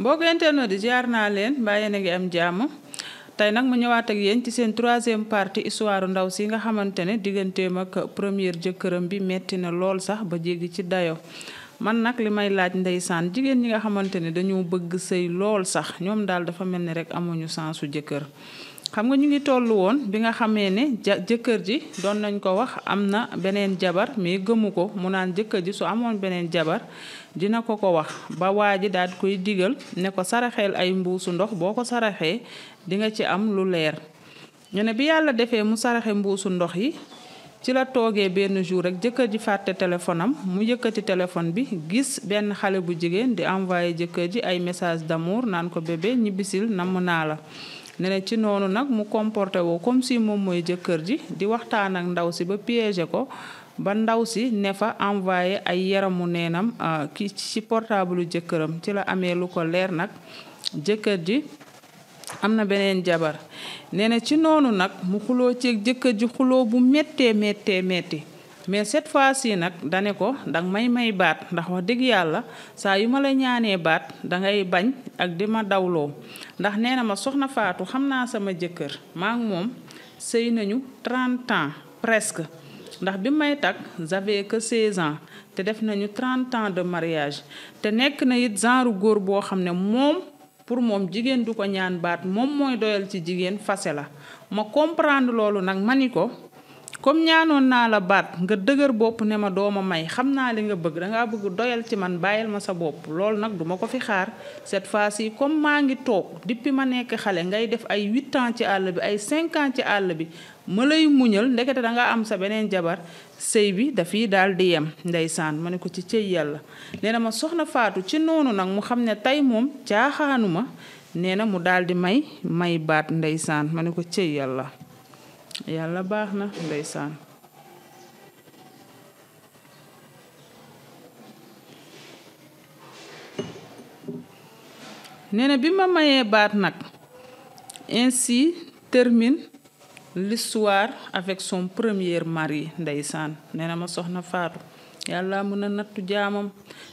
mbokk internet di jaar naa leen mbaa yéen a ngi am jàmm tey nag mu ñëwaat ak yéen ci seen troisième partie histoire ndaw si nga xamante ne digganteem ak première jëkkëram bi metti na lool sax ba jéggi ci dayo man nag li may laaj ndeysaan jigéen ñi nga xamante ne dañoo bëgg sëy lool sax ñoom daal dafa mel ni rek amuñu sansu jëkkër xam nga ñu ngi tollu woon bi nga xamee ne ja jëkkër ji doon nañ ko wax am na beneen jabar mais gëmu ko mu naan jëkkër ji su amoon beneen jabar dina ko ko wax ba waa ji daal koy digal ne ko saraxeel ay mbuusu ndox boo ko saraxee di nga ci am lu leer ñu ne bi yàlla defee mu saraxee mbuusu ndox yi ci la toogee benn jour rek jëkkër ji fàtte téléphone am mu yëkkati téléphone bi gis benn xale bu jigéen di envoyé jëkkër ji ay message d'amour naan ko bébé ñibbisil namm naa la ne ci noonu nag mu comporté woo comme si moom mooy jëkkër ji di waxtaan ak ndaw si ba piégé ko ba ndaw si ne fa envoyé ay yaramu neenam euh, ki ci portable jëkkëram ci la amee lu ko leer nag jëkkër ji am na beneen jabar nee na ci noonu nag mu xuloo ceeg jëkkër ji xuloo bu méttee méttee métti mais cette fois-ci nag dane ko danga may may baat ndax wax dëgg yàlla saa yu ma la ñaanee baat dangay bañ ak di ma dawloo ndax nee na ma soxna Faatu xam naa sama jëkkër maa moom sëy nañu 30 ans presque ndax bi may takk j'avais que 16 ans te def nañu trente ans de mariage te nekk na it genre góor boo xam ne moom pour moom jigéen du ko ñaan baat moom mooy doyal ci jigéen fase la ma comprendre loolu nag ma ni ko comme ñaanoon naa la baat nga dëgër bopp ne ma doo ma may xam naa li nga bëgg dangaa bëgg doyal ci man bàyyil ma sa bopp loolu nag duma ko fi xaar cette fois-ci comme maa ngi toog depuis ma nekk xale ngay def ay huit ans ci àll bi ay cinq ci àll bi ma lay muñal ndekete dangaa am sa beneen jabar sëy bi dafi daal di yem ndeysaan ma ne ko ci cëy yàlla nee na ma soxna faatu ci noonu nag mu xam ne tey moom caaxaanuma nee na mu daal di may may baat ndeysaan ma ne ko cëy yàlla yàlla baax na ndeysaan nee bi ma mayee baat nag ainsi termine l'histoire avec son premier mari ndeysaan nee ma soxna Faatu yàlla mën a nattu jaamam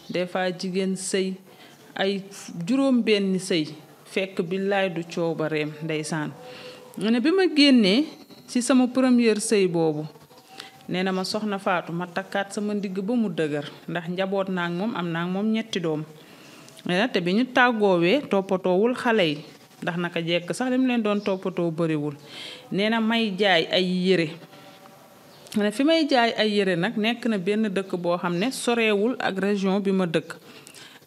des fois jigéen sëy ay juróom benn sëy fekk billaay du coobareem ndeysaan nee bi ma génnee ci sama première sëy boobu nee na ma soxna faatu ma takkaat sama ndigg ba mu dëgër ndax njaboot naa moom am naag moom ñetti doom nee te bi ñu tàggoowee toppatoowul xale yi ndax naka jekk sax li leen doon toppatoo bariwul nee na may jaay ay yére ne fi may jaay ay yére nag nekk na benn dëkk boo xam ne sorewul ak région bi ma dëkk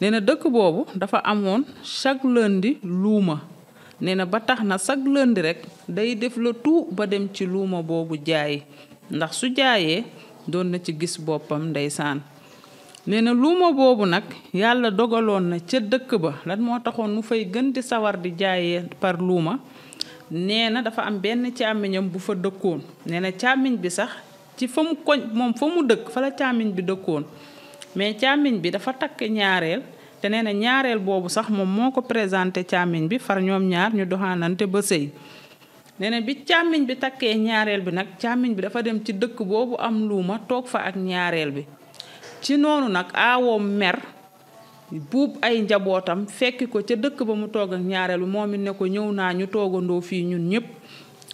nee dëkk boobu dafa amoon chaque lundi luuma nee na ba tax na sag lundi rekk day def la tout ba dem ci luuma boobu jaay ndax su jaayee doon na ci gis boppam ndeysaan nee na luuma boobu nag yàlla dogaloon na ca dëkk ba lan moo taxoon mu fay gën di sawar di jaaye par luuma nee na dafa am benn càmmiñam bu fa dëkkoon nee na càmmiñ bi sax ci fa mu koñ moom fa mu dëkk fa la càmmiñ bi dëkkoon mais càmmiñ bi dafa takk ñaareel te nee ñaareel boobu sax moom moo ko présenté càmmiñ bi far ñoom ñaar ñu doxaanante ba sëy nee bi càmmiñ bi takkee ñaareel bi nag càmmiñ bi dafa dem ci dëkk boobu am luuma toog fa ak ñaareel bi ci noonu nag aawoom mer buub ay njabootam fekki ko ca dëkk ba mu toog ak ñaareel bi moom it ne ko ñëw naa ñu toogandoo fii ñun ñëpp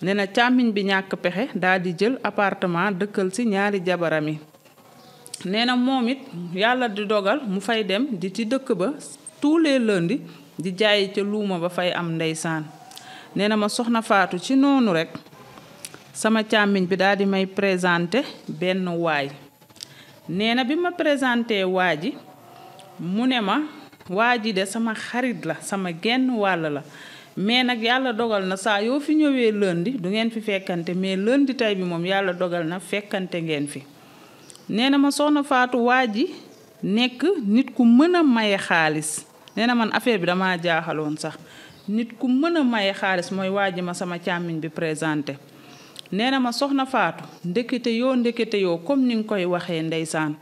nee na càmmiñ bi ñàkk pexe daal di jël apartement dëkkal si ñaari jabaram yi nee na moom it yàlla di dogal mu fay dem di ci dëkk ba tous les lundis di jaay ca luuma ba fay am ndeysaan nee na ma soxna faatu ci noonu rekk sama càmmiñ bi daal di may présenté benn waay nee na bi ma présenté waa ji mu ne ma waa ji de sama xarit la sama genn wàll la mais nag yàlla dogal na saa yoo fi ñëwee lëndi du ngeen fi fekkante mais lëndi tey bi moom yàlla dogal na fekkante ngeen fi nee na ma soxna Faatu waa ji nekk nit ku mën a maye xaalis nee man affaire bi damaa jaaxaloon sax nit ku mën a maye xaalis mooy waa ji ma sama càmmiñ bi présenté nee na ma soxna Faatu ndekete yoo ndekete yoo comme ni nga koy waxee ndeysaan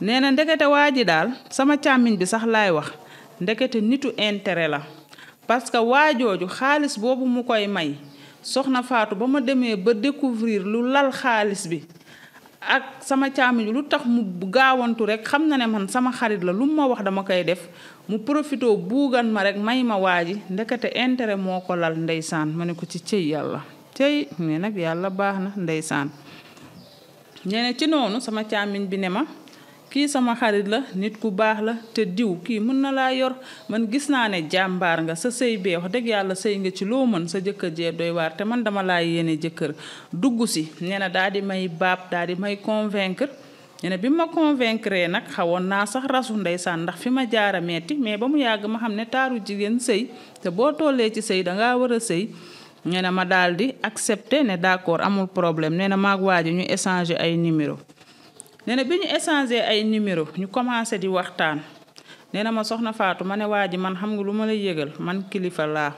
nee na ndekete waa ji daal sama càmmiñ bi sax laay wax ndekete nitu intérêt la parce que waajooju xaalis boobu mu koy may soxna Faatu ba ma demee ba découvrir lu lal xaalis bi ak sama caamiñ lu tax mu gaawantu rek xam na ne man sama xarit la lu mu ma wax dama koy def mu profitoo buugan ma rek may ma waaji ndekete intérêt moo ko lal ndeysaan ma ne ko ci cëy yàlla cëy mais nag yàlla baax na ndeysaan ñene ci noonu sama caamiñ bi ne ma kii sama xarit la nit ku baax la te diw kii mën na laa yor man gis naa ne jàmbaar nga sa sëy bee wax dëgg yàlla sëy nga ci loo mën sa jëkkër jee doy waar te man dama laa yéene jëkkër dugg si nee na daal di may baab daal di may convaincre nee bi ma convaincre nag xawoon naa sax rasu ndeysaan ndax fi ma jaara metti mais ba mu yàgg ma xam ne taaru jigéen sëy te boo tollee ci sëy dangaa war a sëy nee na ma daal di accepter ne d'accord amul problème nee na maag waa ji ñu échanger ay numéro nee bi ñu échanger ay numéro ñu commencé di waxtaan nee na ma soxna faatu ma ne waa ji man xam nga lu ma lay yëgal man kilifa laa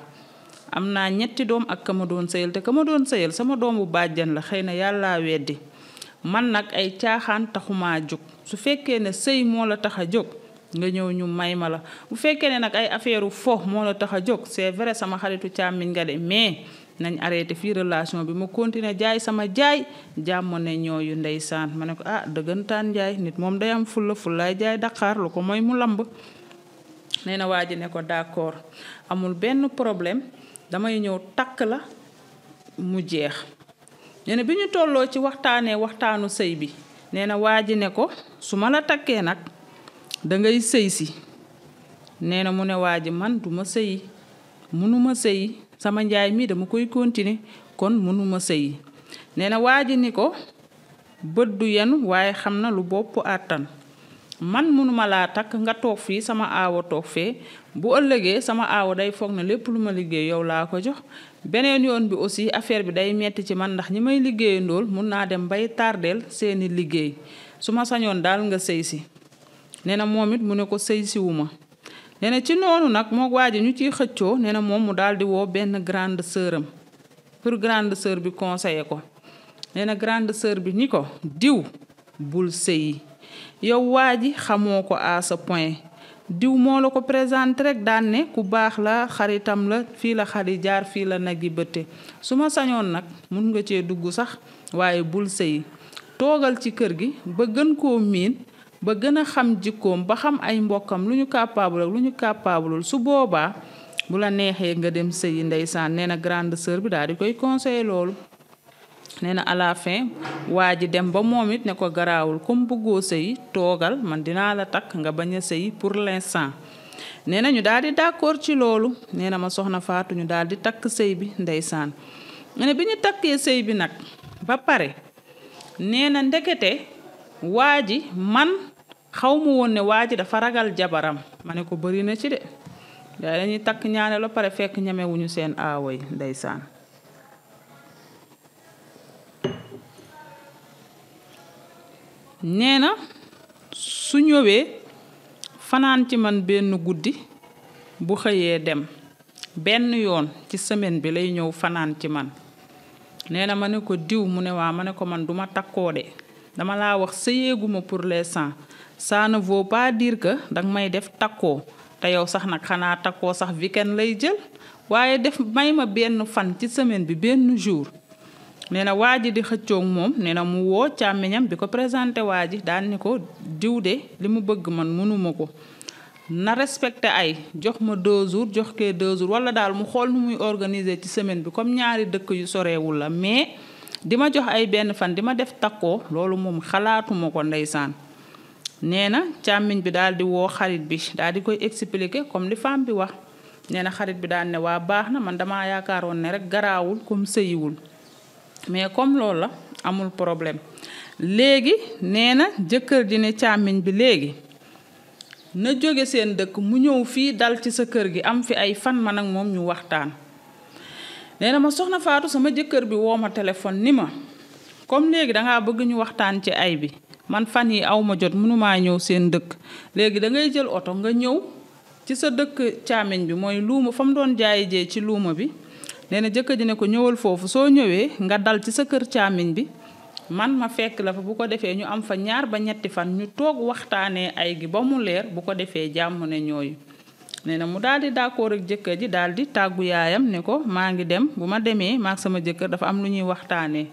am naa ñetti doom ak ka ma doon sëyal te ka ma doon sëyal sama doomu bàjjan la xëy na yàllaa weddi man nag ay caaxaan taxumaa jóg su fekkee ne sëy moo la tax a jóg nga ñëw ñu may ma la bu fekkee ne nag ay affaire fo moo la tax a jóg c'est vrai sama xaritu càmmiñ nga de mais nañ arrêté fii relation bi ma continuer jaay sama jaay jàmm ne ñooyu ndeysaan ma ne ko ah dëggantaan jaay nit moom day am fulla fullaay jaay daqaar lu ko mooy mu lamb nee na waa ji ne ko d'accord amul benn problème damay ñëw takk la mu jeex nee bi ñu tolloo ci waxtaanee waxtaanu sëy bi nee na waa ji ne ko su ma la takkee nag da ngay sëy si nee na mu ne waa ji man du sëyi mënuma sëyi sama njaay mii dama koy continuer kon mënuma sëyi nee na waa ji ni ko bët du yenu waaye xam na lu bopp àttan man mënuma laa takk nga toog fii sama aawa toog fee bu ëllëgee sama aawa day foog na lépp lu ma liggéey yow laa ko jox beneen yoon bi aussi affaire bi day metti ci man ndax ñi may liggéeya ndool mun naa dem bay tardeel seeni liggéey su ma sañoon daal nga sëy si nee na moom it mu ne ko sëy siwu ma nee ci noonu nag moo waa ji ñu ciy xëccoo nee na moom mu daal di woo benn grande sœur am pour grande sœur bi conseiller ko nee grande sœur bi ni ko diw bul sëyi yow waa ji xamoo ko à ce diw moo la ko présenter rek daan ku baax la xaritam la fii la xari jaar fii la nag yi bëtte su ma sañoon nag mun nga cee dugg sax waaye bul sëyi toogal ci kër gi ba gën koo miin ba gën a xam jikkoom ba xam ay mbokkam lu ñu capable lu ñu capableul su boobaa bu la neexee nga dem sëyi ndeysaan nee na grande sœur bi daal di koy conseiller loolu nee na à waa ji dem ba moom it ne ko garaawul comme bëggoo sëy toogal man dinaa la takk nga bañ a sëyi pour l'instant nee na ñu daal di d'accord ci loolu nee na ma soxna Faatu ñu daal di takk sëy bi ndeysaan nee bi ñu takkee sëy bi nag ba pare neena ndekete waa ji man xaw ma woon ne waa ji dafa ragal jabaram ma ne ko bëri na ci de daa dañuy takk ñaane la pare fekk ñemewuñu seen aawo yi ndeysaan nee na su ñëwee fanaan ci man benn guddi bu xëyee dem benn yoon ci semaine bi lay ñëw fanaan ci man nee na ma ne ko diw mu ne waa ma ne ko man duma takkoo de dama laa wax sëyeeguma pour les ça ne veut pas dire que danga may def takkoo te yow sax nag xanaa takkoo sax weekend lay jël waaye def may ma benn fan ci semaine bi benn jour nee na waa ji di xëccoog moom nee na mu woo càmmiñam bi ko présenté waa ji daal ni ko diw de li mu bëgg man mënuma ko na respecté ay jox ma deux jours jox kee deux jours wala daal mu xool nu muy organiser ci semaine bi comme ñaari dëkk yu sorewul la mais di ma jox ay benn fan di ma def takkoo loolu moom xalaatuma ko ndeysaan nee na càmmiñ bi daal di woo xarit bi daal di koy expliquer comme li femme bi wax nee na xarit bi daal ne waa baax na man dama yaakaaroon ne rek garaawul comme sëyiwul mais comme loolu la amul problème léegi nee na jëkkër ji ne càmmiñ bi léegi na jóge seen dëkk mu ñëw fii dal ci sa kër gi am fi ay fan man ak moom ñu waxtaan nee na ma soxna Faatu sama jëkkër bi woo ma téléphone ni ma comme léegi dangaa bëgg ñu waxtaan ci ay bi man fan yi aw ma jot mënumaa ñëw seen dëkk léegi da ngay jël oto nga ñëw ci sa dëkk càmmiñ bi mooy luuma fa mu doon jaayi jee ci luuma bi nee na jëkkër ji ne ko ñëwal foofu soo ñëwee nga dal ci sa kër càmmiñ bi man ma fekk la fa bu ko defee ñu am fa ñaar ba ñetti fan ñu toog waxtaanee ay gi ba mu leer bu ko defee jàmm ne ñooyu nee na mu daal di d'accord ak jëkkër ji daal di tàggu yaayam ne ko maa ngi dem bu ma demee maag sama jëkkër dafa am lu ñuy waxtaanee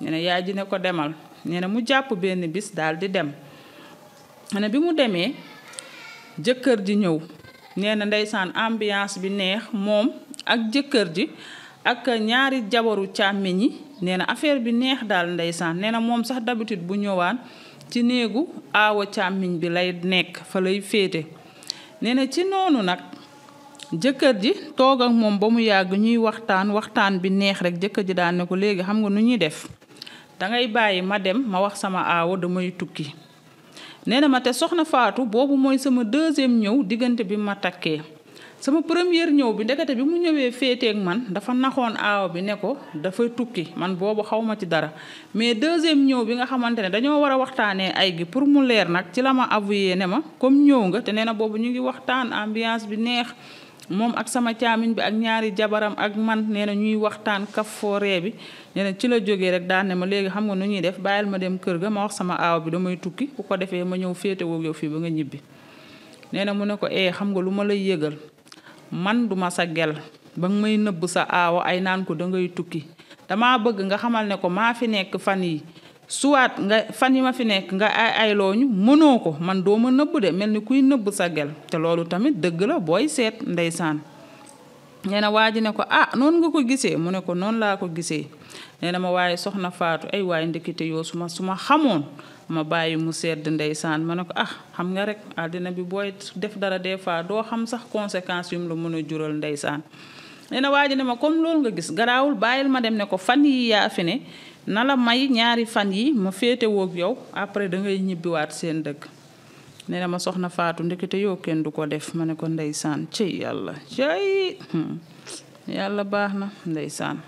nee na yaay ji ne ko demal nee na mu jàpp benn bis daal di dem nee bi mu demee jëkkër ji ñëw nee ndeysaan ambiance bi neex moom ak jëkkër ji ak ñaari jabaru càmmiñ yi nee na affaire bi neex daal ndeysaan nee na moom sax d'habitude bu ñëwaan ci néegu aawa càmmiñ bi lay nekk fa lay féete nee na ci noonu nag jëkkër ji toogal moom ba mu yàgg ñuy waxtaan waxtaan bi neex rek jëkkër ji daan ne ko léegi xam nga nu ñuy def dangay bàyyi ma dem ma wax sama aawo damay tukki nee na ma te soxna Faatu boobu mooy sama deuxième ñëw diggante bi ma takkee sama première ñëw bi ndekete bi mu ñëwee féeteeg man dafa naxoon aaw bi ne ko dafay tukki man boobu xaw ma ci dara mais deuxième ñëw bi nga xamante ne dañoo war a waxtaanee ay gi pour mu leer nag ci la ma avoué ne ma comme ñëw nga te nee na boobu ñu ngi waxtaan ambiance bi neex moom ak sama caamin bi ak ñaari jabaram ak man nee na ñuy waxtaan kaf fooree bi nee na ci la jógee rek daan ne ma léegi xam nga nu ñuy def bàyyil ma dem kër ga ma wax sama aaw bi damay tukki bu ko defee ma ñëw féetewoo yow fii ba nga ñibbi nee na mu ne ko eh nga lu ma lay yëgal man duma sa gel ba nga may nëbb sa aawo ay naan ko da tukki dama bëgg nga xamal ne ko maa fi nekk fan yi suwaat nga fan yi ma fi nekk nga ay aylooñu mënoo ko man doo ma nëbb de mel ni kuy nëbb sa gel te loolu tamit dëgg la booy seet ndeysaan nee na waa ji ne ko ah noonu nga ko gisee mu ne ko noonu laa ko gisee nee na ma waaye soxna faatu ay waaye ndekete yoo su ma su ma xamoon ma bàyyi mu sedd ndeysaan ma ne ko ah xam nga rek àddina bi booy def dara des fois doo xam sax conséquences yum la mën a jural ndeysaan nee na waa ji ne ma comme loolu nga gis garaawul bàyyil ma dem ne ko fan yii yaa fi ne na la may ñaari fan yii ma féete woog yow après da ngay ñibbiwaat seen dëkk nee na ma soxna faatu ndekete yoo kenn du ko def ma ne ko ndeysaan cëy yàlla cëy hmm, yàlla baax na ndeysaan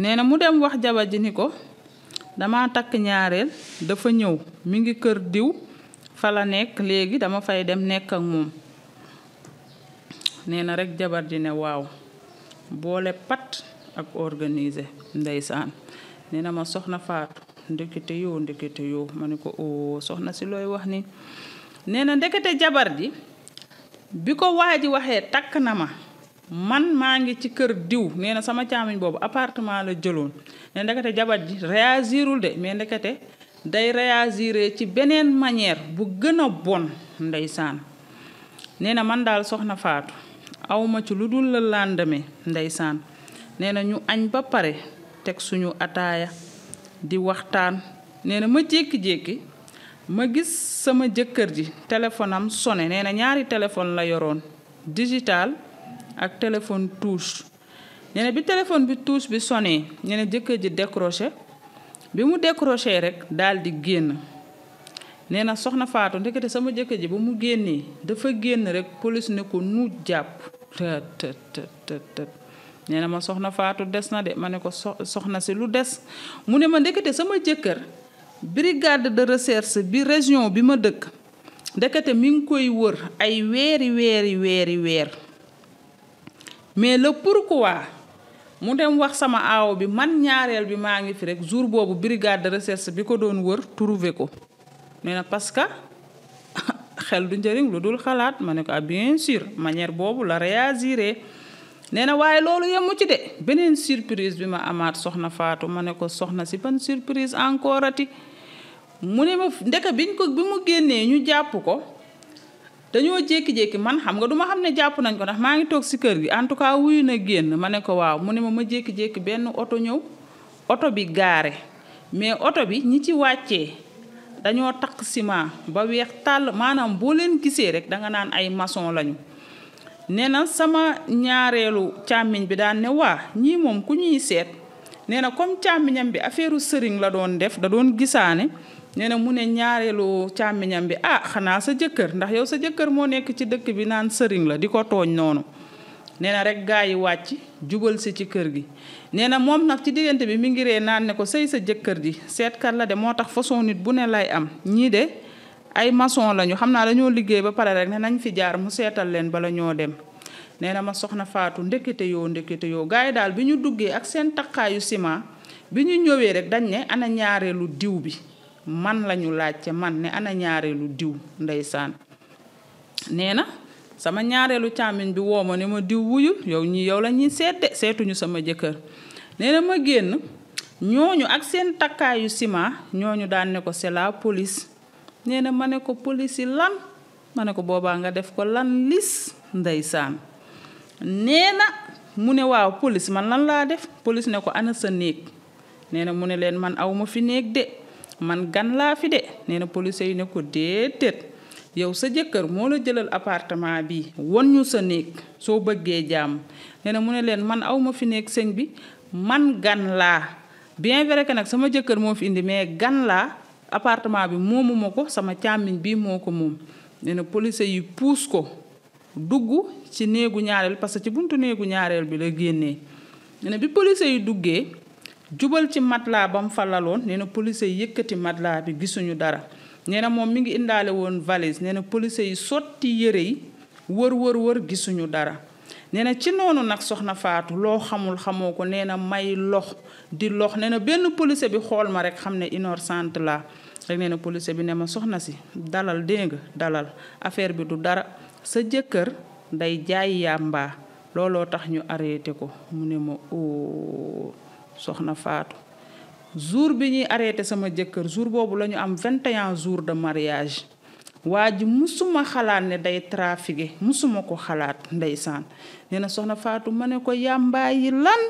nee na mu dem wax jabar ji ni ko dama takk ñaareel dafa ñëw mi ngi kër diw fa la nekk léegi dama fay dem nekk ak moom nee na rekk jabar ji ne waaw boole patt ak organiser ndeysaan nee na ma soxna faatu ndekete yoo ndekete yoo ma ne ko oo oh, soxna si looy wax ni nee na ndekete jabar ji bi ko waa ji waxee takk na ma man maa ngi ci kër diw nee na sama caamiñ boobu appartement la jëloon ne ndekete jabar ji réagirul de mais ndekete day réagir ci beneen manière bu gën a bon ndeysaan nee na man daal soxna faatu awma ci lu dul la lendemain ndeysaan nee na ñu añ ba pare teg suñu ataaya di waxtaan nee na ma jékki-jékki ma gis sama jëkkër ji téléphone am sone nee na ñaari téléphone la yoroon digital ak téléphone touche ñu bi téléphone bi touche bi sonné ñu jëkkër ji décroché bi mu décroché rek daal di génn nee na soxna Fatou ndekete sama jëkkër ji ba mu génnee dafa génn rek police ne ko nu jàpp tët tët tët tët nee na ma soxna faatu des na de ma ne ko soxna si lu des mu ne ma ndekete sama jëkkër brigade de recherche bi région bi ma dëkk ndekete mi ngi koy wër ay weeri weeri weeri weer mais le pourquoi mu dem wax sama aawo bi man ñaareel bi maa ngi fi rek jour boobu brigade de recherche bi ko doon wër trouvé ko nee na parce que xel du njëriñ lu dul xalaat ma ne ko a ah, bien sûr manière boobu la réagiré nee na waaye loolu yemu ci de beneen surprise bi ma amaat soxna Faatu ma ne ko soxna si ban surprise encore ati mu ne ma ndeka biñ ko bi mu génnee ñu jàpp ko dañoo jékki-jékki man xam nga du ma xam ne jàpp nañ ko ndax maa ngi toog si kër gi en tout cas wuyu na génn ma ne ko waaw mu ne ma ma jékki-jékki benn oto ñëw oto bi gaare mais oto bi ñi ci wàccee dañoo takk ciment ba weex tàll maanaam boo leen gisee rek danga naan ay maçon lañu nee na sama ñaareelu càmmiñ bi daan ne waa ñii moom ku ñuy seet nee na comme càmmiñam bi affaireu sëriñ la doon def da doon gisaane nee na mu ne ñaareelu càmmiñam bi ah xanaa sa jëkkër ndax yow sa jëkkër moo nekk ci dëkk bi naan sëriñ la di ko tooñ noonu nee na rek gaa yi wàcc jubal si ci kër gi nee na moom nag ci diggante bi mu ngi ree naan ne ko sëy sa jëkkër ji seetkat la de moo tax façon nit bu ne lay am ñii de ay maçon lañu xam naa dañoo liggéey ba pare rek ne nañ fi jaar mu seetal leen bala ñoo dem nee na ma soxna Faatu ndekete yoo ndekete yoo gaa yi daal bi ñu duggee ak seen taqaayu ciment bi ñu ñëwee rek dañ ne ñaareelu diw bi man lañu laaj man ne ana ñaareelu diw ndeysaan nee na sama ñaareelu càmmiñ bi woo ma ne ma diw wuyul yow ñii yow la ñuy seet de seetuñu sama jëkkër nee ma génn ñooñu ak seen takkaayu ciment ñooñu daan ne ko c'est la police nee na ma ne ko police yi lan ma ne ko boobaa nga def ko lan lis ndeysaan nee na mu ne waaw police man lan laa def police ne ko ana sa néeg nee mu ne leen man awma fi néeg de man gan laa fi de nee na police yi ne ko déedéet yow sa jëkkër moo la jëlal appartement bi won ñu sa néeg soo bëggee jàmm nee mu ne leen man aw fi nekk sëñ bi man gan laa bien vrai que nag sama jëkkër moo fi indi mais gan laa appartement bi moomuma ko sama càmmiñ bi moo ko moom nee na yi puus ko dugg ci néegu ñaareel parce que ci buntu néegu ñaareel bi la génnee nee bi police yi duggee jubal ci matelas ba mu falaloon nee na police yi yëkkati matelas bi gisuñu dara nee na moom mi ngi indaale woon valise nee na police yi sotti yére yi wër wër wër gisuñu dara nee na ci noonu nag soxna faatu loo xamul xamoo ko nee na may lox di lox nee na benn police bi xool ma rek xam ne sant la rek nee na bi ne ma soxna si dalal dégg nga dalal affaire bi du dara sa jëkkër day jaay yàmbaa looloo tax ñu arrêté ko mu ne ma oo oh. soxna Faatu jour bi ñuy arrêté sama jëkkër jour boobu la ñu am 21 jour de mariage waa ji musuma xalaat ne day trafiqué musuma ko xalaat ndeysaan nee na soxna Faatu ma ne ko yàmbaa yi lan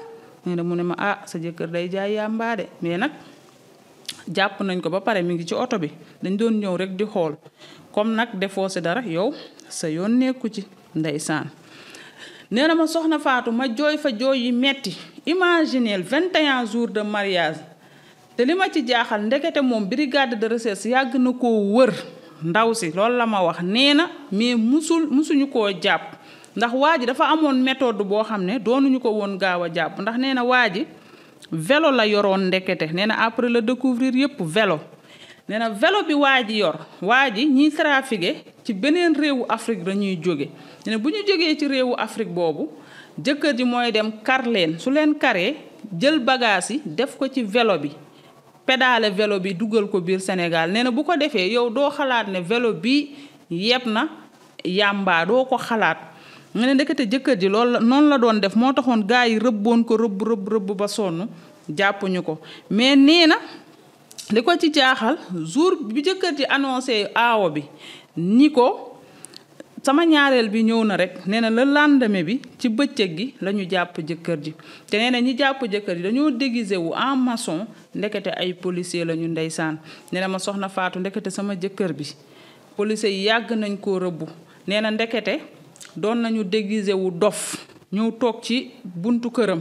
nee mu ne ma ah sa jëkkër day jaay yàmbaa de mais nag jàpp nañ ko ba pare mi ngi ci oto bi dañ doon ñëw rek di xool comme nag defoo si dara yow sa yoon nekku ci ndeysaan nee ma soxna Faatu ma jooy fa jooy yi metti imagineel 21 jour de mariage te li ma ci jaaxal ndekete moom brigade de recherche yàgg na ko wër ndaw si loolu la ma wax nee na mais musul musuñu ko jàpp ndax waa ji dafa amoon méthode boo xam ne doonuñu ko woon gaaw a jàpp ndax nee na waa ji velo la yoroon ndekete nee na après le découvrir yépp velo nee na vélo bi waa ji yor waa ji ñiy trafige ci beneen réewu Afrique lañuy jóge nee bu ñu jógee ci réewu Afrique boobu jëkkër ji mooy dem kar leen su leen karee jël bagaas yi def ko ci velo bi pédale velo bi dugal ko biir senegal nee na bu ko defee yow doo xalaat ne velo bi yeb na yàmbaa doo ko xalaat mu ne ndekete jëkkër ji lool la noonu la doon def moo taxoon gaa yi rëbboon ko rëbb rëbb rëbb ba sonn jàppuñu ko mais nii na li ko ci jaaxal jour bi jëkkër ji annoncé aawo bi ni ko sama ñaareel bi ñëw na rek nee na le lendemain bi ci bëccëg gi la ñu jàpp jëkkër ji te nee na ñi jàpp jëkkër ji dañoo déguisé wu en mason ndekete ay policier la ñu ndeysaan ne na ma soxna Faatu ndekete sama jëkkër bi policier yi yàgg nañ koo rëbbu nee na ndekete doon nañu déguisé wu dof ñëw toog ci buntu këram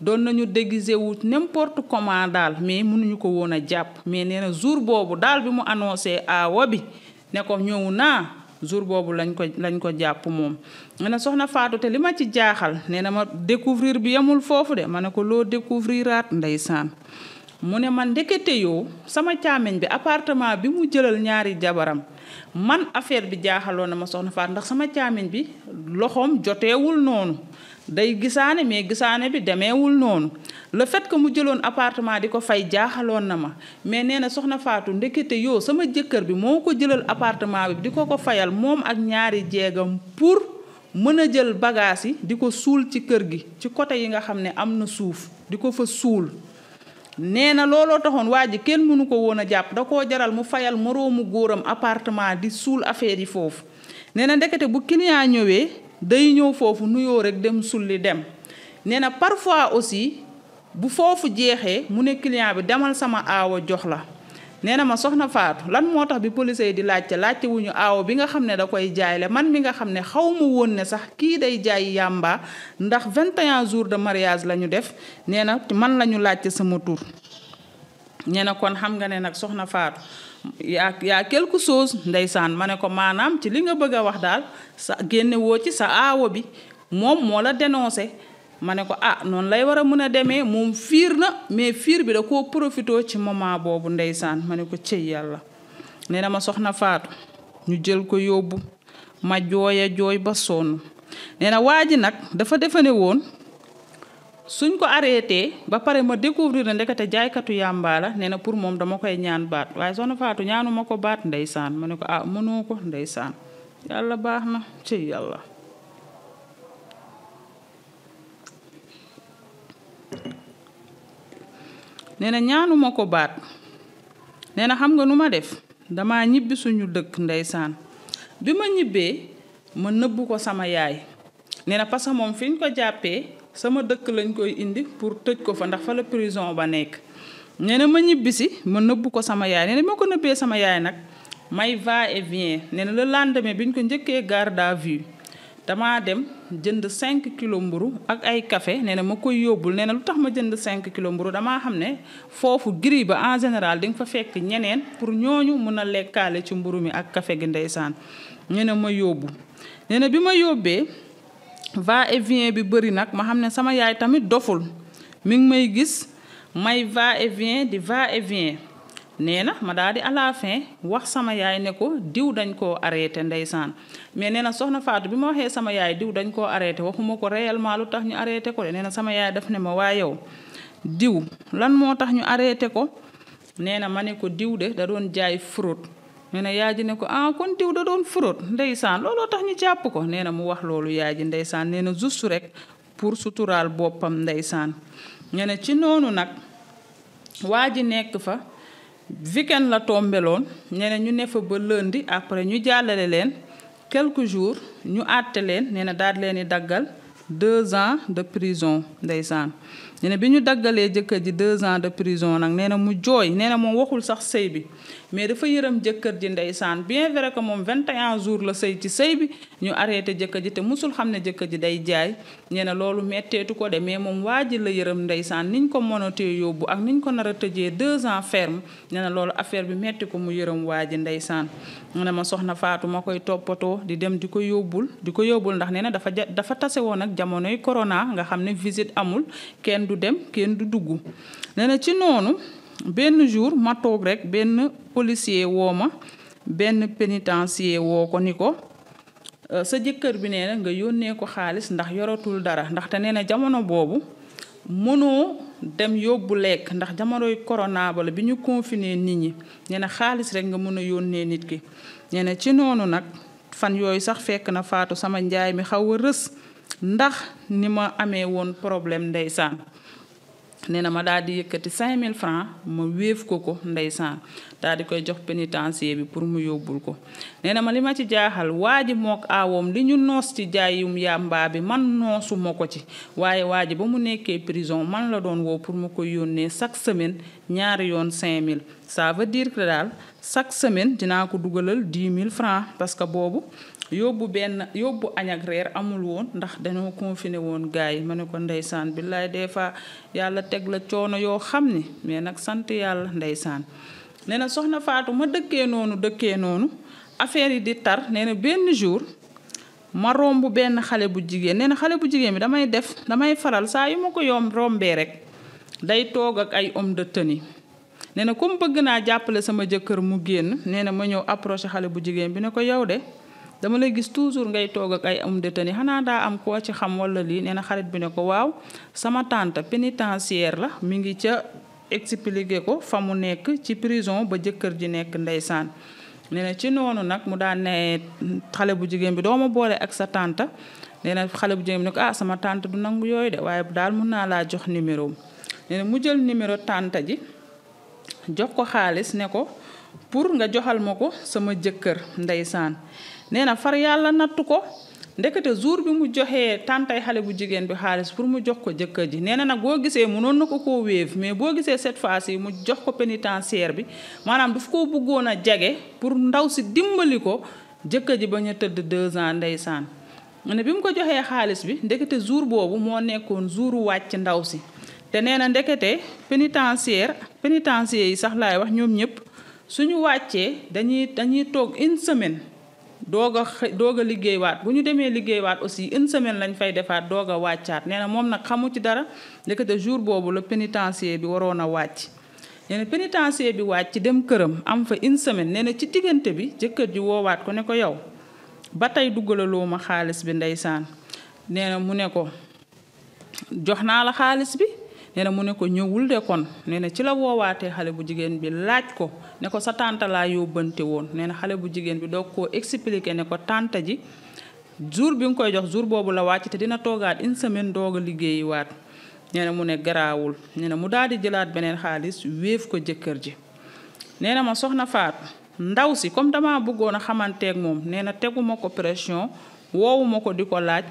doon nañu dégiser wu n'importe comment daal mais munuñu ko woon a jàpp mais nee na jour boobu daal bi mu annoncé awo bi ne ko ñëw naa jour boobu lañ ko lañ ko jàpp moom nee na soxna Fatou te li ma ci jaaxal nee na ma découvrir bi yemul foofu de ma ne ko loo découvriraat ndeysaan mu ne man ndekete yoo sama càmmiñ bi appartement bi mu jëlal ñaari jabaram man affaire bi jaaxaloon na ma soxna Fatou ndax sama càmmiñ bi loxoom jotewul noonu day gisaane mais gisaane bi demeewul noonu le fait que mu jëloon appartement di ko fay jaaxaloon na ma mais nee na soxna faatu ndekkete yoo sama jëkkër bi moo ko jëlal apartement bi di ko ko fayal moom ak ñaari jeegam pour mën a jël bagage yi di ko suul ci kër gi ci côté yi nga xam ne am na suuf di ko fa suul nee na looloo taxoon waa ji kenn mënu ko woon a jàpp da koo jaral mu fayal moroomu góoram appartement di suul affaire yi foofu nee na ndekete bu client ñëwee day ñëw foofu nuyoo rek dem sulli dem nee na parfois aussi bu foofu jeexee mu ne client bi demal sama aawo jox la nee na ma soxna Faatu lan moo tax bi police di laajte laajte wu ñu aawo bi nga xam ne da koy jaayle man mi nga xam ne xaw ma woon ne sax kii day jaay yàmba ndax 21 jours de mariage la ñu def nee na man la ñu laajte sama tur nee kon xam nga ne nag soxna Faatu yaa yaa quelque chose ndeysaan ma ne ko maanaam ci li nga bëgg a wax daal sa génnewoo ci sa aawo bi moom moo la dénoncé ma ne ko ah noon lay war a mën a demee moom fiir na mais fiir bi da koo profité ci moment boobu ndeysaan ma ne ko cëy yàlla ne na ma soxna faatu ñu jël ko yóbbu ma jooya jooy ba sonn nee na waa ji nag dafa defane woon suñ ko arrêté ba pare ma découvrir ne ndekete jaaykatu yàmbaa la na pour moom dama koy ñaan baat waaye soxna Faatu ñaanu ma ko baat ndeysaan ma ne ko ah mënoo ko ndeysaan yàlla baax na ci yàlla nee na ñaanu ko baat nee na xam nga nu ma def dama ñibbi suñu dëkk ndeysaan bi ma ñibbee ma nëbbu ko sama yaay nee na parce que moom fi ko jàppee sama dëkk lañ koy indi pour tëj ko fa ndax fa la prison ba nekk nee na ma ñibbisi ma nëbbu ko sama yaay nee na ma ko nëbbee sama yaay nag may va et vient nee na le lendemain bi ñu ko njëkkee garde à vue damaa dem jënd cinq kilo mburu ak ay kafe nee na ma koy yóbbul nee na lu tax ma jënd 5 kilo mburu damaa xam ne foofu giri ba en général di nga fa fekk ñeneen pour ñooñu mun a lekkaale ci mburu mi ak kafe gi ndeysaan nee ma yóbbu nee bi ma yóbbee va et vient bi bëri nag ma xam ne sama yaay tamit doful mi ngi may gis may va et vient di va et vient nee na ma daal di à la wax sama yaay ne ko diw dañ koo arrêté ndeysaan mais nee na soxna Faatu bi ma waxee sama yaay diw dañ koo arrêté waxuma ko réellement lu tax ñu arrêté ko de nee na sama yaay daf ne ma waa yow diw lan moo tax ñu arrêté ko nee na ma ne ko diw de da doon jaay fraude ñu ne yaay ji ne ko ah kon diw da doon fraude ndeysaan looloo tax ñu jàpp ko nee na mu wax loolu yaay ji ndeysaan nee na juste rek pour suturaal boppam ndeysaan ñu ne ci noonu nag waa ji nekk fa weekend la tombeloon ñu ne ñu ne fa ba lundi après ñu jàllale leen quelque jours ñu àtte leen nee na daal leen di daggal deux ans de prison ndeysaan nee na bi ñu daggalee jëkkër ji deux ans de prison nag nee na mu jooy nee na moom waxul sax sëy bi mais dafa yërëm jëkkër ji ndeysaan bien vrai que moom 21 jours la sëy ci sëy bi ñu arrêté jëkkër ji te musul xam ne jëkkër ji day jaay nee na loolu metteetu ko de mais moom waa la yërëm ndeysaan niñ ko monotee yóbbu ak niñ ko nar a tëjee deux ans ferme nee na loolu affaire bi metti ko mu yërëm waa ji ndeysaan mu ne ma soxna Faatu koy toppatoo di dem di ko yóbbul di ko yóbbul ndax nee na dafa dafa tase woon ak jamonoy corona nga xam ne visite amul kenn du dem kenn du dugg nee ci noonu benn jour matoog toog rek benn policier woo ma benn pénitencier woo ko ni ko euh, sa jëkkër bi nee na nga yónnee ko xaalis ndax yoratul dara ndaxte nee na jamono boobu mënoo dem yóbbu lekk ndax jamonoy corona bala bi ñu confiné nit ñi nee na xaalis rek nga mën a yónnee nit ki nee na ci noonu nag fan yooyu sax fekk na faatu sama njaay mi xaw a rës ndax ni ma amee woon problème ndeysaan nee na ma daal di yëkkati 5000 francs ma wéef ko ko ndeysaan daal di koy jox pénitencier bi pour mu yóbbul ko nee na ma li ma ci jaaxal waa ji mook aawoom li ñu noos ci jaayum yàmbaa bi man noosu ma ko ci waaye waa ba mu nekkee prison man la doon woo pour ma koy yónnee chaque semaine ñaari yoon 5000 ça veut dire que daal chaque semaine dinaa ko dugalal 10 000 francs parce que boobu yóbbu benn yóbbu añ ak reer amul woon ndax dañoo confiné woon gars yi ma ne ko ndeysaan billaay des fois yàlla teg la coono yoo xam ni mais nag sant yàlla ndeysaan nee na soxna Faatu ma dëkkee noonu dëkkee noonu affaire yi di tar nee na benn jour ma romb benn xale bu jigéen nee na xale bu jigéen bi damay def damay faral saa yu ma ko yom rombee rek day toog ak ay homme de tenue nee na comme bëgg naa jàppale sama jëkkër mu génn nee na ma ñëw approché xale bu jigéen bi ne ko yow de dama lay gis toujours ngay toog ak ay am détenu xanaa daa am koo ci xam wala lii nee na xarit bi ne ko waaw sama tante pénitentiaire la mi ngi ca expliqué ko fa mu nekk ci prison ba jëkkër ji nekk ndeysaan nee ci noonu nag mu daan ne xale bu jigéen bi doo ma boole ak sa tante nee xale bu jigéen bi ne ah sama tante du nangu yooy de waaye daal mun naa laa jox numéro nee mu jël numéro tante ji jox ko xaalis ne ko pour nga joxal ma ko sama jëkkër ndeysaan nee na far yàlla nattu ko ndekete jour bi mu joxee tàntay xale bu jigéen bi xaalis pour mu jox ko jëkkër ji nee na nag boo gisee mënoon na ko ko wéef mais boo gisee cette fois ci mu jox ko pénitentiaire bi maanaam daf koo bëggoon a jage pour ndaw si dimbali ko jëkkër ji ba ñu tëdd deux ans ndeysaan mu ne bi mu ko joxee xaalis bi ndekete jour boobu moo nekkoon jouru wàcc ndaw si te nee na ndekete pénitentiaire pénitentiaire yi sax laay wax ñoom ñëpp ñu wàccee dañuy dañuy toog une semaine doog a doog a liggéeywaat bu ñu demee liggéey waat aussi une semaine lañu fay defaat dooga wàccaat nee na moom nag xamu ci dara ndekete jour boobu la pénitancier bi waroon a wàcc nee pénitancier pénitencier bi wàcc dem këram am fa une semaine nee na ci diggante bi jëkkër ji woowaat ko ne ko yow ba tey duggalaloo ma xaalis bi ndeysaan nee na mu ne ko jox naa la xaalis bi nee na mu ne ko ñëwul de kon nee na ci la woowaatee xale bu jigéen bi laaj ko ne ko sa tante laa yóbbante woon nee na xale bu jigéen bi doog koo expliqué ne ko tante ji jour bi nga koy jox jour boobu la wàcc te dina toogaat une semaine doog a liggéeyiwaat nee na mu ne garaawul nee na mu daal di jëlaat beneen xaalis wéef ko jëkkër ji nee na ma soxna faat ndaw si comme dama bëggoon a xamanteeg moom nee na teguma ko pression woowuma ko di ko laaj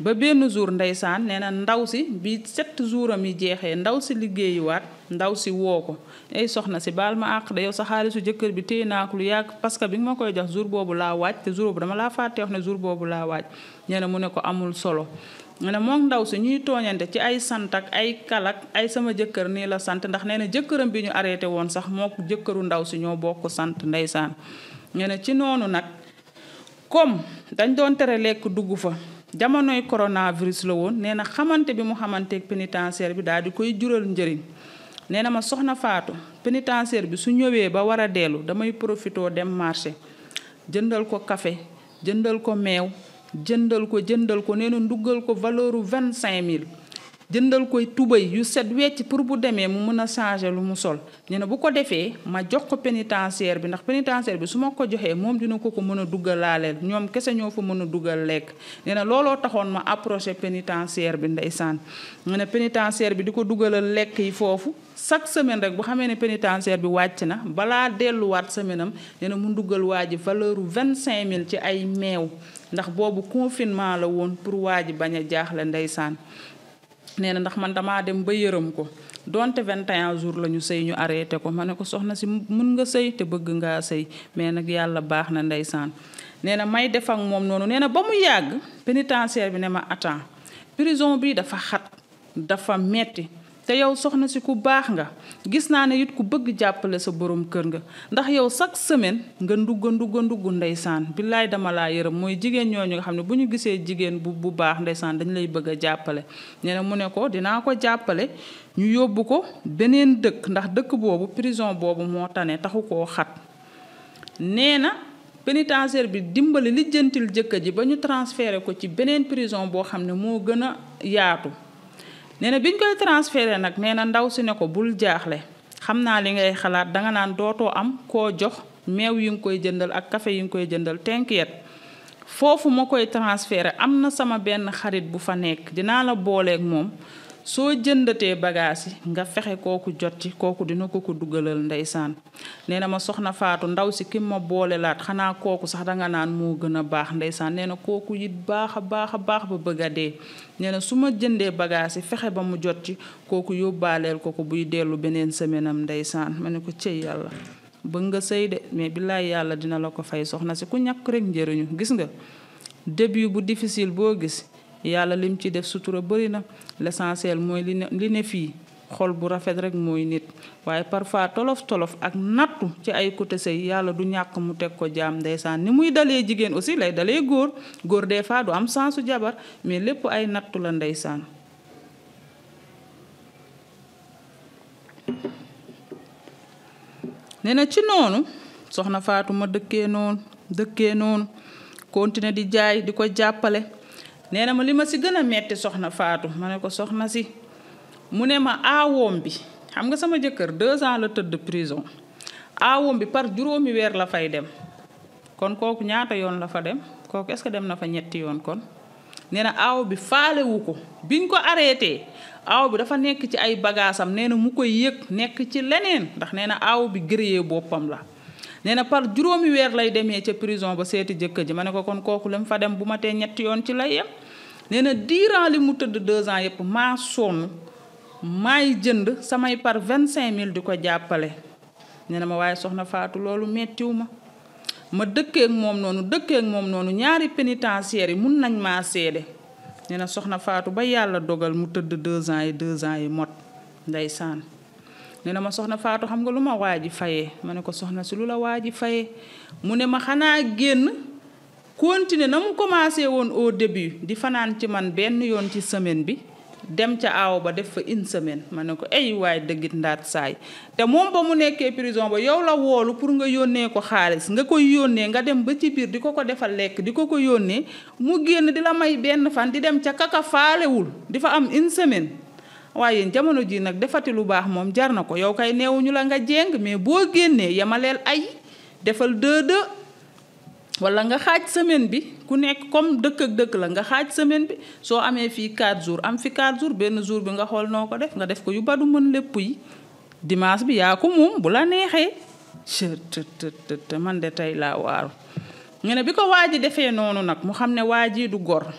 ba benn jour ndeysaan nee na ndaw si bi sept jours am yi jeexee ndaw si liggéeyuwaat ndaw si woo ko ay soxna si baal ma àq de yow sa xaalisu jëkkër bi téye naa ko lu yàgg parce que bi nga ma koy jox jour boobu laa waaj te jour boobu dama laa fàtte wax ne jour boobu laa waaj nee na mu ne ko amul solo nee na ndaw si ñuy tooñante ci ay sant ak ay kalak ay sama jëkkër nii la sant ndax nee na jëkkëram bi ñu arrêté woon sax mook jëkkëru ndaw si ñoo bokk sant ndeysaan nee na ci noonu nag comme dañ doon tere lekk dugg fa jamonoy coronavirus la woon nee na xamante bi mu xamanteeg pénitentiaire bi daal di koy jural njëriñ nee na ma soxna Faatu pénitentiaire bi su ñëwee ba war a dellu damay profitoo dem marché jëndal ko kafe jëndal ko meew jëndal ko jëndal ko nee na nduggal ko valeur vingt cinq mille jëndal koy tubay yu set wecc pour bu demee mu mën a changer lu mu sol ñu ne bu ko defee ma jox ko pénitentiaire bi ndax pénitentiaire bi su ma ko joxee moom dina ko ko mën a duggalaaleel ñoom kese ñoo fa mën a duggal lekk nee na looloo taxoon ma approché pénitentiaire bi ndeysaan ñu ne pénitentiaire bi di ko duggalal lekk yi foofu chaque semaine rek bu xamee ne pénitentiaire bi wàcc na balaa delluwaat semaine am nee na mu duggal waa ji valeur vingt cinq mille ci ay meew ndax boobu confinement la woon pour waa ji bañ a jaaxle ndeysaan nee na ndax man damaa dem ba yërëm ko donte 21 jours la ñu sëy ñu arrêté ko ma ne ko soxna si mun nga sëy te bëgg nga sëy mais nag yàlla baax na ndeysaan nee na may def moom noonu nee na ba mu yàgg pénitentiaire bi ne ma attends prison bii dafa xat dafa metti te yow soxna si ku baax nga gis naa ne it ku bëgg jàppale sa borom kër nga ndax yow chaque semaine nga ndugg ndugg ndugg ndeysaan billaay dama laa yërëm mooy jigéen ñu nga xam ne bu ñu gisee jigéen bu bu baax ndeysaan dañu lay bëgg a jàppale nee na mu ne ko dinaa ko jàppale ñu yóbbu ko beneen dëkk ndax dëkk boobu prison boobu moo tane taxu ko xat nee na pénitentiaire bi dimbali lijjantil jëkkër ji ba ñu transféré ko ci beneen prison boo xam ne moo gën a yaatu nee bi biñ koy transféré nag nee na ndaw si ne ko bul jaaxle xam naa li ngay xalaat danga naan dootoo am koo jox meew yi nga koy jëndal ak kafe yi nga koy jëndal t'inquiète foofu ma koy transféré am na sama benn xarit bu fa nekk dinaa la booleeg moom soo jëndatee bagages yi nga fexe kooku jot kooku dina ko ko dugalal ndeysaan nee na ma soxna faatu ndaw si ki ma boole laat xanaa kooku sax danga naan moo gën a baax ndeysaan nee na kooku yit baax a baax a baax ba bëgg dee nee na su ma jëndee bagages yi fexe ba mu jot ci kooku yóbbaaleel ko ko buy dellu beneen semaine ndeysaan ma ne ko cëy yàlla bëgg nga sëy de mais billaay yàlla dina la ko fay soxna si ku ñàkk rek njëriñu gis nga début bu difficile boo yàlla lim ci def sutura bëri na l'essentiel mooy li ne li ne fii xol bu rafet rek mooy nit waaye parfois tolof tolof ak nattu ci ay côté yàlla du ñàkk mu teg ko jaam ndeysaan ni muy dalee jigéen aussi lay dalee góor góor des fois du am sansu jabar mais lépp ay nattu la ndeysaan nee na ci noonu soxna faatuma ma dëkkee noonu dëkkee noonu continuer di jaay di ko jàppale nee na ma li ma si gën a metti soxna Faatu ma ne ko soxna si mu ne ma aawoom bi xam nga sama jëkkër deux ans la tëdd prison aawoom bi par juróomi weer la fay dem kon kooku ñaata yoon la fa dem kooku est-ce que dem na fa ñetti yoon kon nee na aaw bi faalewu ko biñ ko arrêté aaw bi dafa nekk ci ay bagaasam nee na mu koy yëg nekk ci leneen ndax nee na aaw bi gërëyee boppam la nee na par juróomi weer lay demee ca prison ba seeti jëkkër ji ma ne ko kon kooku la mu fa dem bu ma tee ñetti yoon ci lay yem nee na diirant li mu tëdd deux ans yëpp maa sonn maay jënd samay par vingt cinq mille di ko jàppale nee na ma waaye soxna Faatu loolu mettiw ma ma dëkkee ak moom noonu dëkkee moom noonu ñaari pénitentiaires yi mun nañ maa seede nee na soxna Faatu ba yàlla dogal mu tëdd deux ans yi deux ans yi mot saan nee na ma soxna Faatu xam nga lu ma waa ji fayee ma ne ko soxna si lu la waa ji fayee mu ne ma xanaa génn continuer na mu commencé woon au début di fanaan ci man benn yoon ci semaine bi dem ca aaw ba def fa une semaine ma ne ko ay waay dëggit ndaat saay te moom ba mu nekkee prison ba yow la woolu pour nga yónnee ko xaalis nga koy yónnee nga dem ba ci biir di ko ko defal lekk di ko ko yónnee mu génn di la may benn fan di dem ca kaka faalewul di am une semaine waaye jamono ji nag defati lu baax moom jar na ko yow kay newuñu la nga jéng mais boo génnee yamaleel ay defal deux deux wala nga xaaj semaine bi ku nekk comme dëkk ak dëkk la nga xaaj semaine bi soo amee fii 4 jours am fi 4 jours benn jour bi nga xool noo ko def nga def ko yu ba du mën lépp yi dimanche bi yaa ko moom bu la neexee chëtëtëtë man de tey laa waaru nga ne bi ko waa ji defee noonu nag mu xam ne waa ji du gor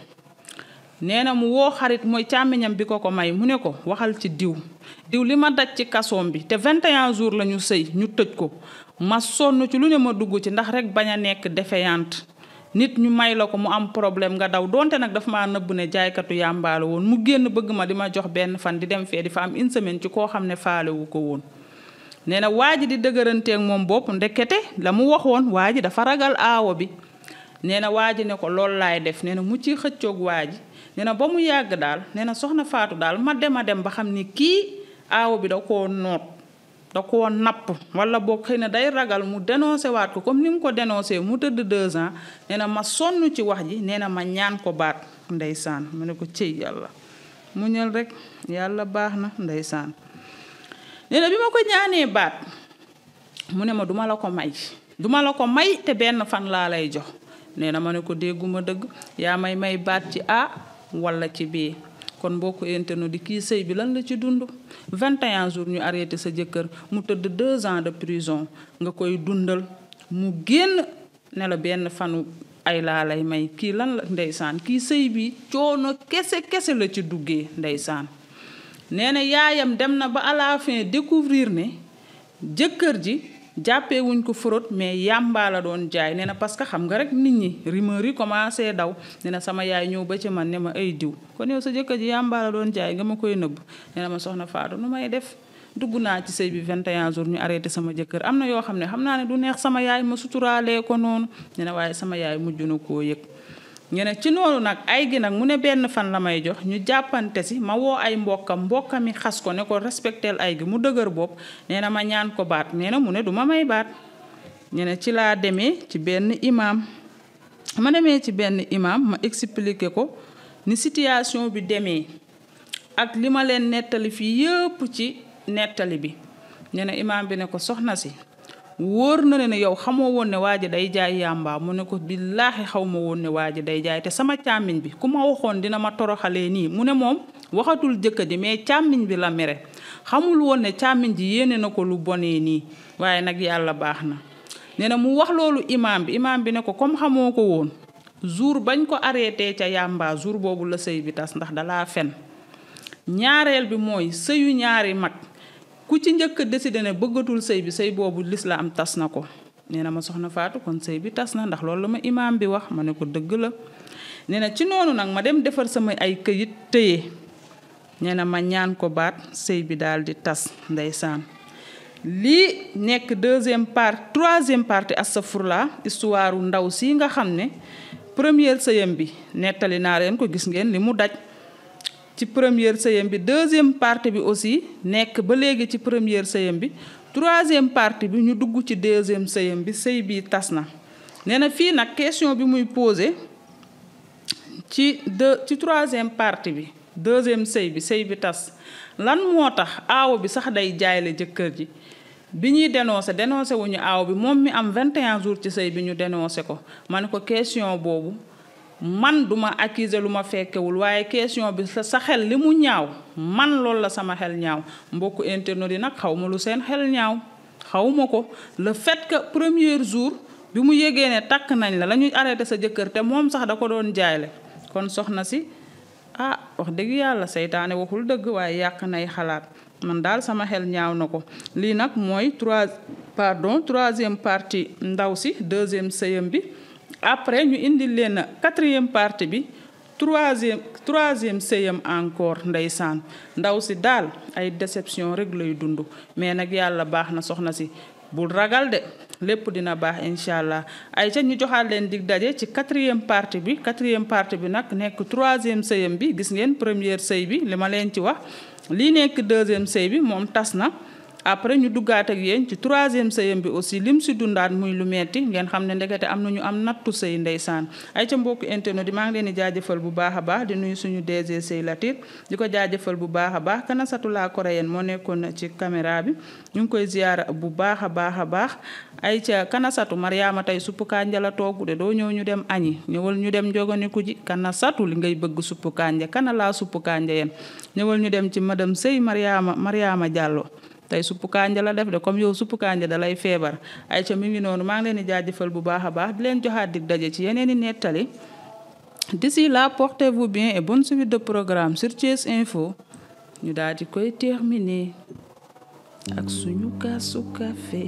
nee na mu woo xarit mooy càmmiñam bi ko ko may mu ne ko waxal ci diw diw li ma daj ci kasoom bi te vingt 21 jours la ñu sëy ñu tëj ko ma sonn ci lu ne ma dugg ci ndax rek bañ a nekk defeyant nit ñu may la ko mu am problème nga daw donte nag dafa maa nëbb ne jaaykatu yàmbaale woon mu génn bëgg ma di ma jox benn fan di dem fee di fa am une semaine ci koo xam ne faalewu ko woon nee na waa ji di dëgëranteeg moom bopp ndekete la mu waxoon waa ji dafa ragal aawo bi nee na waa ji ne ko loolu laay def nee na mu ci xëccoog waa ji nee na ba mu yàgg daal nee na soxna faatu daal ma dem a dem ba xam ni kii aawo bi da koo noot da koo napp walla boo xëy na day ragal mu dénoncé waat ko comme ni mu ko denoosee mu tëdd deux ans nee na ma sonn ci wax ji nee na ma ko baat ndeysaan mu ne ko cëy mu ñël rek yàlla baax na ndeysaan nee bi ko ñaanee baat mu ne ma duma la ko may duma la ko may te benn fan laa lay jox nee na ma ne ko dégguma dëgg yaa may may baat ci a wala ci bii kon mbokku enteno di kii sëy bi lan la ci dund 21 jours ñu arrêté sa jëkkër mu tëdd deux ans de prison nga koy dundal mu génn ne la benn fanu ay laa lay may kii lan la ndeysaan kii sëy bi coono kese kese la ci duggee ndeysaan nee na yaayam dem na ba à la découvrir ne jëkkër ji jàppee wuñ ko fraude mais yàmbaa la doon jaay nee na parce que xam nga rek nit ñi rumeur yi commencé daw nee na sama yaay ñëw ba ci man ne ma ay diw kon yow sa jëkkër ji yàmbaa la doon jaay nga ma koy nëbb nee ma soxna Fatou nu may def dugg naa ci sëy bi 21 jours ñu arrêté sama jëkkër am na yoo xam ne xam naa ne du neex sama yaay ma suturaale ko noonu nee na waaye sama yaay mujj na koo yëg ñu ne ci noonu nag ay gi nag mu ne benn fan la may jox ñu jàppante si ma woo ay mbokkam mbokkam mi xas ko ne ko respectel ay gi mu dëgër bopp nee na ma ñaan ko baat nee na mu ne duma may baat ñu ne ci laa demee ci benn imaam ma demee ci benn imaam ma expliqué ko ni situation bi demee ak li ma leen nettali fii yëpp ci nettali bi ñu ne imaam bi ne ko soxna si wóor na ne ne yow xamoo woon ne waa ji day jaay yàmbaa mu ne ko billaahi xaw ma woon ne waa day jaay te sama càmmiñ bi ku ma waxoon dina ma toroxalee nii mu ne moom waxatul jëkkër ji mais càmmiñ bi la mere xamul woon ne càmmiñ ji yéene na ko lu bonee nii waaye nag yàlla baax na nee na mu wax loolu imaam bi imaam bi ne ko comme xamoo ko woon jour bañ ko arrêté ca yàmbaa jour boobu la sëy bi tas ndax dalaa fen ñaareel bi mooy sëyu ñaari mag ku ci njëkk a décidé ne bëggatul sëy bi sëy boobu lis la am tas na ko nee na ma soxna Faatu kon sëy bi tas na ndax loolu la ma imaam bi wax ma ne ko dëgg la nee na ci noonu nag ma dem defar sama ay këyit tëye nee na ma ñaan ko baat sëy bi daal di tas ndeysaan lii nekk deuxième part troisième partie astafurla wu ndaw sii nga xam ne première sëyam bi nettali naa leen ko gis ngeen li mu daj ci première sëyam bi deuxième partie bi aussi nekk ba léegi ci première sëyam bi troisième partie bi ñu dugg ci deuxième sëyam bi sëy bii tas na nee na fii nag question bi muy posé ci deux ci troisième partie bi deuxième sëy bi sëy bi tas lan moo tax aawo bi sax day jaayle jëkkër ji bi ñuy dénoncé dénoncé wuñu aaw bi moom mi am 21 jours ci sëy bi ñu dénoncé ko ma ne ko question boobu man duma accuser lu ma fekkewul waaye question bi sa xel li mu ñaaw man loolu la sama xel ñaaw mbokk internet yi nag xaw ma lu seen xel ñaaw xaw ma ko le fait que premier jour bi mu yégee ne takk nañ la la ñuy arrêté sa jëkkër te moom sax da ko doon jaay kon soxna si ah wax dëgg yàlla seytaane waxul dëgg waaye yàq nay xalaat man daal sama xel ñaaw na ko lii nag mooy trois pardon troisième partie ndaw si deuxième sëyam bi après ñu indi leen quatrième partie bi troisième troisième sëyam encore ndeysaan ndaw si daal ay déception rek lay dund mais nag yàlla baax na soxna si bul ragal de lépp dina baax incha allah ay ca ñu joxaat leen dig daje ci quatrième partie bi quatrième parti bi nag nekk troisième sëyam bi gis ngeen première sëy bi li ma leen ci wax lii nekk deuxième sëy bi moom tas na après ñu duggaat ak yéen ci troisième sëyam bi aussi lim si dundaat muy lu metti ngeen xam ne ndekete am na ñu am nattu sëy ndeysaan ay ca mbokku internet di maa ngi leen di jaajëfal bu baax baax di nuyu suñu DG Sey di ko jaajëfal bu baax a baax kana satulaa koréen moo nekkoon ci caméra bi ñu ngi koy ziyaara bu baax a baax a baax ay ca kanasatu satu Mariama tey suppu kànja la toog de doo ñëw ñu dem añi ñëwal ñu dem joganiku ji kana satu li ngay bëgg suppu kànja kanalaa suppu kànja yéen ñëwal ñu dem ci madame Sey Mariama Mariama Diallo tey suppu kànja la def de comme yow suppu kànja da lay feebar ay ca mi ngi noonu maa ngi leen di jaajëfal bu baax a baax di leen joxaat dig daje ci yeneen i nettali d'ici la portez-vous bien et bonne suite de programme sur Thiès Info ñu daal di koy terminer ak suñu kaasu café